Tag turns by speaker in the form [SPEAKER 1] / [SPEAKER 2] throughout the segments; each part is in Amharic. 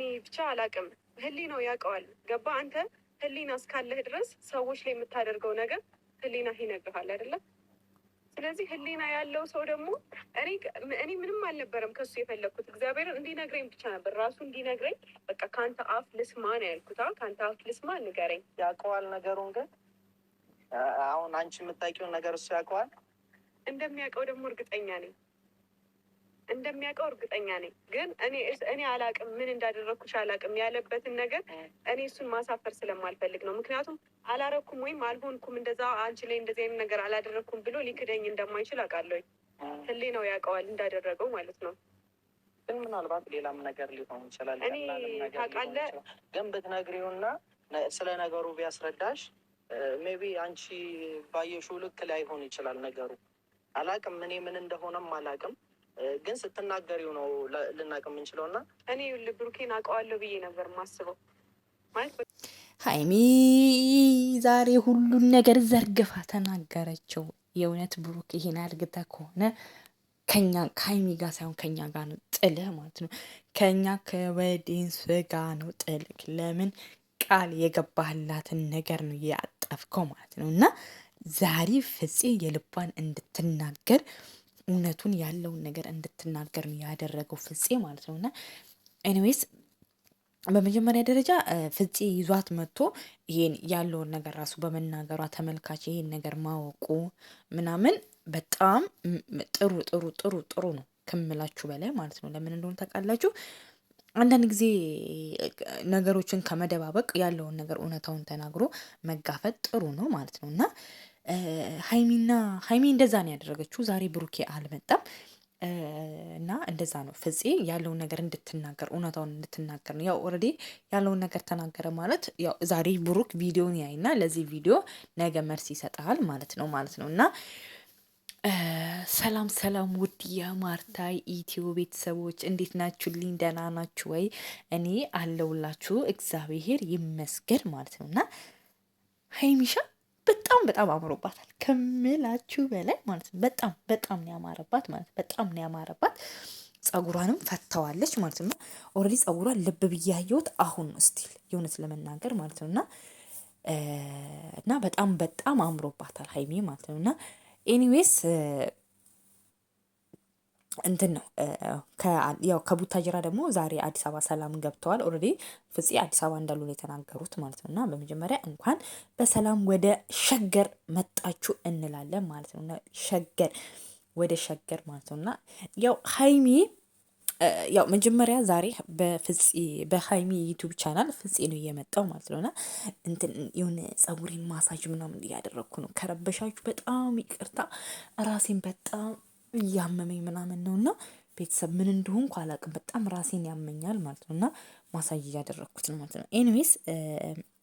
[SPEAKER 1] እኔ ብቻ አላቅም። ህሊናው ያውቀዋል። ገባ አንተ ህሊና እስካለህ ድረስ ሰዎች ላይ የምታደርገው ነገር ህሊና ይነግርሃል አይደለም። ስለዚህ ህሊና ያለው ሰው ደግሞ እኔ ምንም አልነበረም ከሱ የፈለግኩት እግዚአብሔር እንዲነግረኝ ብቻ ነበር። ራሱ እንዲነግረኝ በቃ ከአንተ አፍ ልስማ ነው ያልኩት። ከአንተ አፍ ልስማ ንገረኝ።
[SPEAKER 2] ያውቀዋል ነገሩን ግን አሁን አንቺ የምታውቂውን ነገር እሱ ያውቀዋል።
[SPEAKER 1] እንደሚያውቀው ደግሞ እርግጠኛ ነኝ። እንደሚያውቀው እርግጠኛ ነኝ። ግን እኔ እኔ አላቅም ምን እንዳደረግኩሽ አላቅም ያለበትን ነገር እኔ እሱን ማሳፈር ስለማልፈልግ ነው። ምክንያቱም አላረኩም ወይም አልሆንኩም እንደዛ አንቺ ላይ እንደዚህ አይነት ነገር አላደረግኩም ብሎ ሊክደኝ እንደማይችል አውቃለሁ። ህሌ ነው ያውቀዋል እንዳደረገው ማለት ነው።
[SPEAKER 2] ግን ምናልባት ሌላም ነገር ሊሆን ይችላል።
[SPEAKER 1] እኔ ታውቃለህ፣
[SPEAKER 2] ግን ብትነግሪውና ስለ ነገሩ ቢያስረዳሽ ሜቢ አንቺ ባየሽው ልክ ላይሆን ይችላል ነገሩ። አላቅም እኔ ምን እንደሆነም አላቅም ግን ስትናገሪው ነው ልናቅ የምንችለው እና
[SPEAKER 1] እኔ ልብሩኬን አውቀዋለሁ ብዬ ነበር ማስበው
[SPEAKER 3] ሀይሚ ዛሬ ሁሉን ነገር ዘርግፋ ተናገረችው። የእውነት ብሩክ ይሄን አድርገህ ከሆነ ከኛ ከሀይሚ ጋር ሳይሆን ከኛ ጋር ነው ጥልህ ማለት ነው። ከኛ ከወዲንስ ጋር ነው ጥልህ። ለምን ቃል የገባህላትን ነገር ነው ያጠፍከው ማለት ነው። እና ዛሬ ፍፄ የልቧን እንድትናገር እውነቱን ያለውን ነገር እንድትናገር ነው ያደረገው ፍፄ ማለት ነው። እና ኤኒዌይስ በመጀመሪያ ደረጃ ፍፄ ይዟት መጥቶ ይሄን ያለውን ነገር ራሱ በመናገሯ ተመልካች ይሄን ነገር ማወቁ ምናምን በጣም ጥሩ ጥሩ ጥሩ ጥሩ ነው ከምላችሁ በላይ ማለት ነው። ለምን እንደሆነ ታውቃላችሁ? አንዳንድ ጊዜ ነገሮችን ከመደባበቅ ያለውን ነገር እውነታውን ተናግሮ መጋፈጥ ጥሩ ነው ማለት ነው እና ሀይሚና ሀይሚ እንደዛ ነው ያደረገችው። ዛሬ ብሩኬ አልመጣም እና እንደዛ ነው ፍፄ ያለውን ነገር እንድትናገር እውነታውን እንድትናገር ነው። ያው ኦልሬዲ ያለውን ነገር ተናገረ ማለት ያው ዛሬ ብሩክ ቪዲዮን ያይና ለዚህ ቪዲዮ ነገ መልስ ይሰጣል ማለት ነው ማለት ነው እና ሰላም ሰላም፣ ውድ የማርታ ኢትዮ ቤተሰቦች እንዴት ናችሁልኝ? ደህና ናችሁ ወይ? እኔ አለውላችሁ እግዚአብሔር ይመስገን ማለት ነው እና ሀይሚሻ በጣም በጣም አምሮባታል ከምላችሁ በላይ ማለት ነው። በጣም በጣም ነው ያማረባት ማለት በጣም ነው ያማረባት። ጸጉሯንም ፈተዋለች ማለት ነው። ኦልሬዲ ጸጉሯን ልብ ብያየሁት አሁን ነው ስቲል የእውነት ለመናገር ማለት ነው እና እና በጣም በጣም አምሮባታል ሀይሜ ማለት ነው እና ኤኒዌይስ እንትን ነው ያው ከቡታጅራ ደግሞ ዛሬ አዲስ አበባ ሰላም ገብተዋል። ኦልሬዲ ፍጺ አዲስ አበባ እንዳሉ ነው የተናገሩት ማለት ነው። እና በመጀመሪያ እንኳን በሰላም ወደ ሸገር መጣችሁ እንላለን ማለት ነው። ሸገር ወደ ሸገር ማለት ነው። እና ያው ሀይሚ ያው መጀመሪያ ዛሬ በፍጺ በሀይሚ ዩቱብ ቻናል ፍጺ ነው እየመጣው ማለት ነው። ነውና እንትን የሆነ ጸጉሬን ማሳጅ ምናምን እያደረግኩ ነው። ከረበሻችሁ በጣም ይቅርታ ራሴን በጣም እያመመኝ ምናምን ነው እና ቤተሰብ ምን እንደሆንኩ አላውቅም። በጣም ራሴን ያመኛል ማለት ነው እና ማሳጅ እያደረግኩት ነው ማለት ነው። ኤኒዌይስ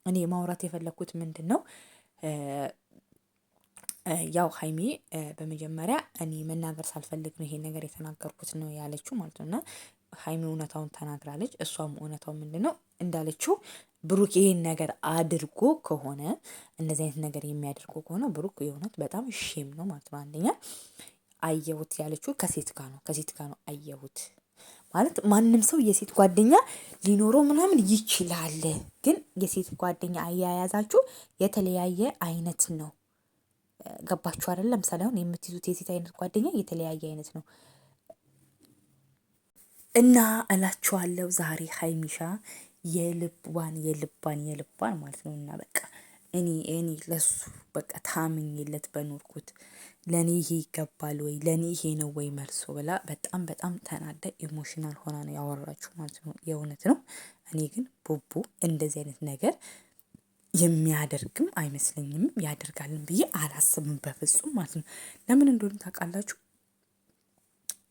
[SPEAKER 3] እኔ ማውራት የፈለግኩት ምንድን ነው ያው ሀይሚ በመጀመሪያ እኔ መናገር ሳልፈልግ ነው ይሄን ነገር የተናገርኩት ነው ያለችው ማለት ነው እና ሀይሚ እውነታውን ተናግራለች። እሷም እውነታው ምንድን ነው እንዳለችው ብሩክ ይሄን ነገር አድርጎ ከሆነ እንደዚህ አይነት ነገር የሚያደርጎ ከሆነ ብሩክ የእውነት በጣም ሼም ነው ማለት ነው አንደኛ አየሁት ያለችው ከሴት ጋር ነው። ከሴት ጋር ነው አየሁት ማለት ማንም ሰው የሴት ጓደኛ ሊኖረው ምናምን ይችላል። ግን የሴት ጓደኛ አያያዛችሁ የተለያየ አይነት ነው። ገባችሁ አይደል? ለምሳሌ አሁን የምትይዙት የሴት አይነት ጓደኛ የተለያየ አይነት ነው እና እላችኋለሁ ዛሬ ሀይሚሻ የልቧን የልቧን የልቧን ማለት ነው እና በቃ እኔ እኔ ለሱ በቃ ታምኝለት በኖርኩት ለኔ ይሄ ይገባል ወይ ለኔ ይሄ ነው ወይ መልሶ ብላ በጣም በጣም ተናዳ ኢሞሽናል ሆና ነው ያወራችሁ ማለት ነው። የእውነት ነው። እኔ ግን ቡቡ እንደዚህ አይነት ነገር የሚያደርግም አይመስለኝም ያደርጋልን ብዬ አላስብም በፍጹም ማለት ነው። ለምን እንደሆነ ታውቃላችሁ?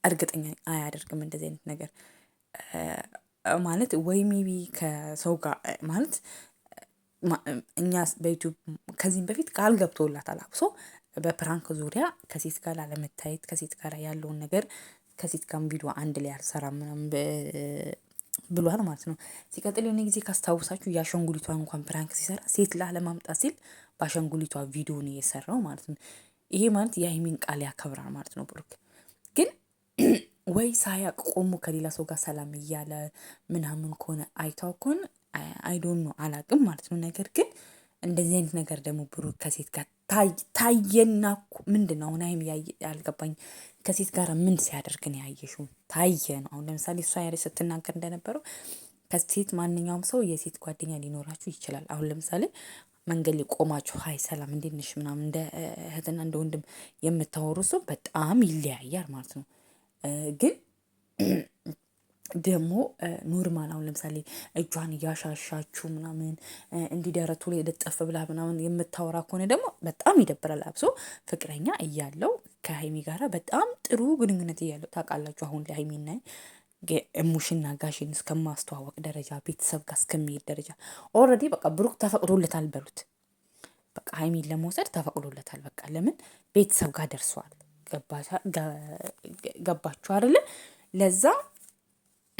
[SPEAKER 3] እርግጠኛ አያደርግም እንደዚህ አይነት ነገር ማለት ወይ ሜቢ ከሰው ጋር ማለት እኛ በዩቱብ ከዚህም በፊት ቃል ገብቶላታል አብሶ በፕራንክ ዙሪያ ከሴት ጋር ላለመታየት ከሴት ጋር ያለውን ነገር ከሴት ጋር ቪዲዮ አንድ ላይ አልሰራም ምናምን ብሏል ማለት ነው። ሲቀጥል የሆነ ጊዜ ካስታውሳችሁ የአሸንጉሊቷ እንኳን ፕራንክ ሲሰራ ሴት ላለማምጣት ሲል በአሻንጉሊቷ ቪዲዮ ነው የሰራው ማለት ነው። ይሄ ማለት የሃይሚን ቃል ያከብራል ማለት ነው። ብሩክ ግን ወይ ሳያቅ ቆሞ ከሌላ ሰው ጋር ሰላም እያለ ምናምን ከሆነ አይታው ከሆነ አይዶን ነው አላቅም ማለት ነው። ነገር ግን እንደዚህ አይነት ነገር ደግሞ ብሩክ ከሴት ጋር ታየና ምንድን ነው አሁን ሀይሚ አልገባኝ። ከሴት ጋር ምን ሲያደርግን ያየሹ ታየ ነው። አሁን ለምሳሌ እሷ ያለች ስትናገር እንደነበረው ከሴት ማንኛውም ሰው የሴት ጓደኛ ሊኖራችሁ ይችላል። አሁን ለምሳሌ መንገድ ላይ ቆማችሁ ሀይ ሰላም እንዴት ነሽ ምናምን እንደ እህትና እንደ ወንድም የምታወሩ ሰው በጣም ይለያያል ማለት ነው ግን ደግሞ ኖርማል አሁን ለምሳሌ እጇን እያሻሻችሁ ምናምን እንዲህ ደረቱ ላይ ልጥፍ ብላ ምናምን የምታወራ ከሆነ ደግሞ በጣም ይደብራል። አብሶ ፍቅረኛ እያለው ከሀይሚ ጋራ በጣም ጥሩ ግንኙነት እያለው ታውቃላችሁ። አሁን ላይ ሀይሚና እሙሽና ጋሽን እስከማስተዋወቅ ደረጃ ቤተሰብ ጋር እስከሚሄድ ደረጃ ኦልሬዲ በቃ ብሩክ ተፈቅዶለታል በሉት። በቃ ሀይሚን ለመውሰድ ተፈቅዶለታል። በቃ ለምን ቤተሰብ ጋር ደርሰዋል። ገባችሁ አይደለ? ለዛ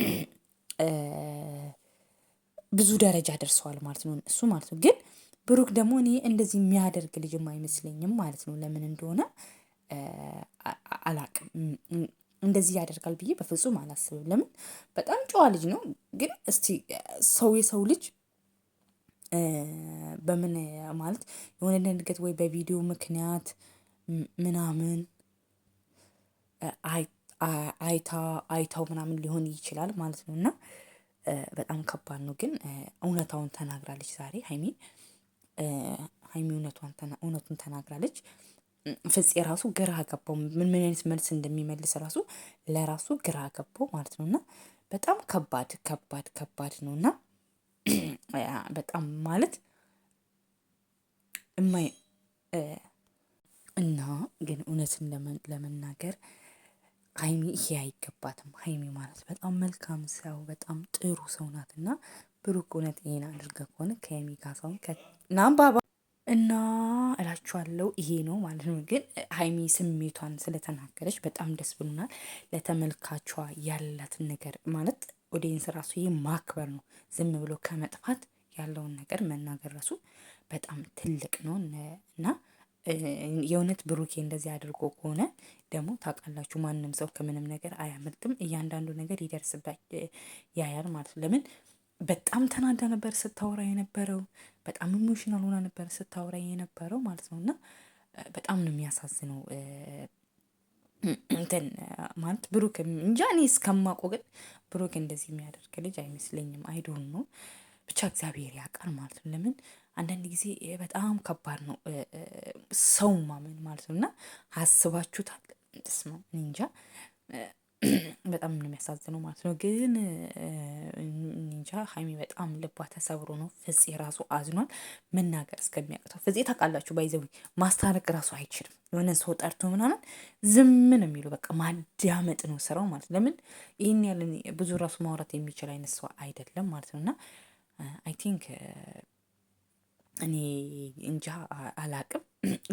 [SPEAKER 3] ብዙ ደረጃ ደርሰዋል ማለት ነው እሱ ማለት ነው። ግን ብሩክ ደግሞ እኔ እንደዚህ የሚያደርግ ልጅም አይመስለኝም ማለት ነው። ለምን እንደሆነ አላቅም። እንደዚህ ያደርጋል ብዬ በፍጹም አላስብም። ለምን በጣም ጨዋ ልጅ ነው። ግን እስቲ ሰው የሰው ልጅ በምን ማለት የሆነ ድንገት ወይ በቪዲዮ ምክንያት ምናምን አይ አይታ አይታው ምናምን ሊሆን ይችላል ማለት ነው። እና በጣም ከባድ ነው። ግን እውነታውን ተናግራለች ዛሬ ሀይሚ ሀይሚ እውነቱን ተናግራለች። ፍጽ ራሱ ግራ ገባው ምን ምን አይነት መልስ እንደሚመልስ ራሱ ለራሱ ግራ ገባው ማለት ነው። እና በጣም ከባድ ከባድ ከባድ ነው። እና በጣም ማለት እማይ እና ግን እውነትን ለመናገር ሀይሚ ይሄ አይገባትም። ሀይሚ ማለት በጣም መልካም ሰው በጣም ጥሩ ሰው ናት እና ብሩክ እውነት ይሄን አድርገ ከሆነ ከሀይሚ ጋር ሳይሆን ናምባባ እና እላችኋለሁ ይሄ ነው ማለት ነው። ግን ሀይሚ ስሜቷን ስለተናገረች በጣም ደስ ብሎናል። ለተመልካቿ ያላትን ነገር ማለት ኦዲየንስ ራሱ ይሄ ማክበር ነው። ዝም ብሎ ከመጥፋት ያለውን ነገር መናገር ራሱ በጣም ትልቅ ነው እና የእውነት ብሩኬ እንደዚህ አድርጎ ከሆነ ደግሞ ታውቃላችሁ፣ ማንም ሰው ከምንም ነገር አያመልጥም። እያንዳንዱ ነገር ይደርስበት ያያል ማለት ነው። ለምን በጣም ተናዳ ነበር ስታወራ የነበረው፣ በጣም ኢሞሽናል ሆና ነበር ስታወራ የነበረው ማለት ነው። እና በጣም ነው የሚያሳዝነው እንትን ማለት ብሩክ እንጃ እኔ እስከማውቀው ግን ብሩክ እንደዚህ የሚያደርግ ልጅ አይመስለኝም። አይዶን ነው ብቻ እግዚአብሔር ያውቃል ማለት ነው ለምን አንዳንድ ጊዜ በጣም ከባድ ነው ሰው ማመን ማለት ነው። እና አስባችሁታል? ስማ እንጃ በጣም ነው የሚያሳዝነው ማለት ነው። ግን እንጃ ሀይሚ በጣም ልቧ ተሰብሮ ነው። ፍጽ ራሱ አዝኗል መናገር እስከሚያቅተው። ፍፄ ታውቃላችሁ፣ ባይዘዊ ማስታረቅ ራሱ አይችልም። የሆነ ሰው ጠርቶ ምናምን ዝም ነው የሚሉ በቃ ማዳመጥ ነው ስራው ማለት ለምን ይህን ያለን ብዙ ራሱ ማውራት የሚችል አይነት ሰው አይደለም ማለት ነው እና አይ ቲንክ እኔ እንጃ አላቅም፣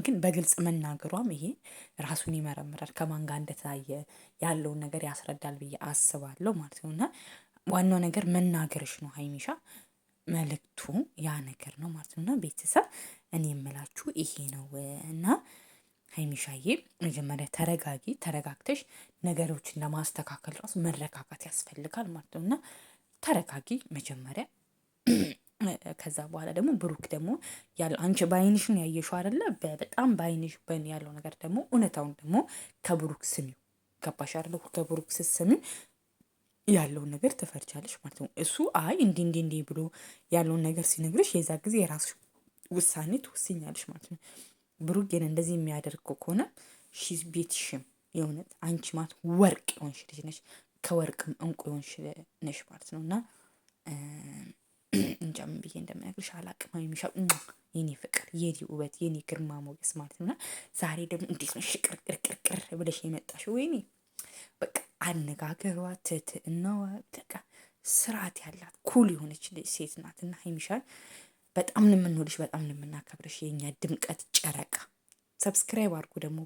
[SPEAKER 3] ግን በግልጽ መናገሯም ይሄ ራሱን ይመረምራል ከማን ጋር እንደተያየ ያለውን ነገር ያስረዳል ብዬ አስባለሁ ማለት ነው። እና ዋናው ነገር መናገርሽ ነው ሀይሚሻ መልእክቱ ያ ነገር ነው ማለት ነው። እና ቤተሰብ እኔ የምላችሁ ይሄ ነው እና ሀይሚሻዬ መጀመሪያ ተረጋጊ። ተረጋግተሽ ነገሮችን ለማስተካከል ራሱ መረጋጋት ያስፈልጋል ማለት ነው። እና ተረጋጊ መጀመሪያ ከዛ በኋላ ደግሞ ብሩክ ደግሞ ያለው አንቺ በአይንሽን ያየሽው አይደለ? በጣም በአይንሽ በን ያለው ነገር ደግሞ እውነታውን ደግሞ ከብሩክ ስሚው። ገባሽ አይደለ? ከብሩክ ስትሰሚው ያለውን ነገር ትፈርጃለሽ ማለት ነው። እሱ አይ እንዲህ እንዲህ እንዲህ ብሎ ያለውን ነገር ሲነግርሽ የዛ ጊዜ የራስሽ ውሳኔ ትወስኛለሽ ማለት ነው። ብሩክ ግን እንደዚህ የሚያደርገው ከሆነ ሺዝ ቤትሽም የእውነት አንቺ ማለት ወርቅ የሆንሽ ልጅ ነሽ፣ ከወርቅም እንቁ የሆንሽ ነሽ ማለት ነው እና እንጃ ምን ብዬ እንደምነግርሽ አላቅም። የሚሻው የኔ ፍቅር፣ የኔ ውበት፣ የኔ ግርማ ሞገስ ማለት ነውና ዛሬ ደግሞ እንዴት ነው ሽቅርቅርቅርቅር ብለሽ የመጣሽው? ወይኔ በቃ አነጋገሯ፣ ትህትናዋ በቃ ስርዓት ያላት ኩል የሆነች ሴት ናት። እና ሀይሚሻል በጣም ነው የምንወድሽ፣ በጣም ነው የምናከብርሽ፣ የእኛ ድምቀት ጨረቃ። ሰብስክራይብ አድርጉ ደግሞ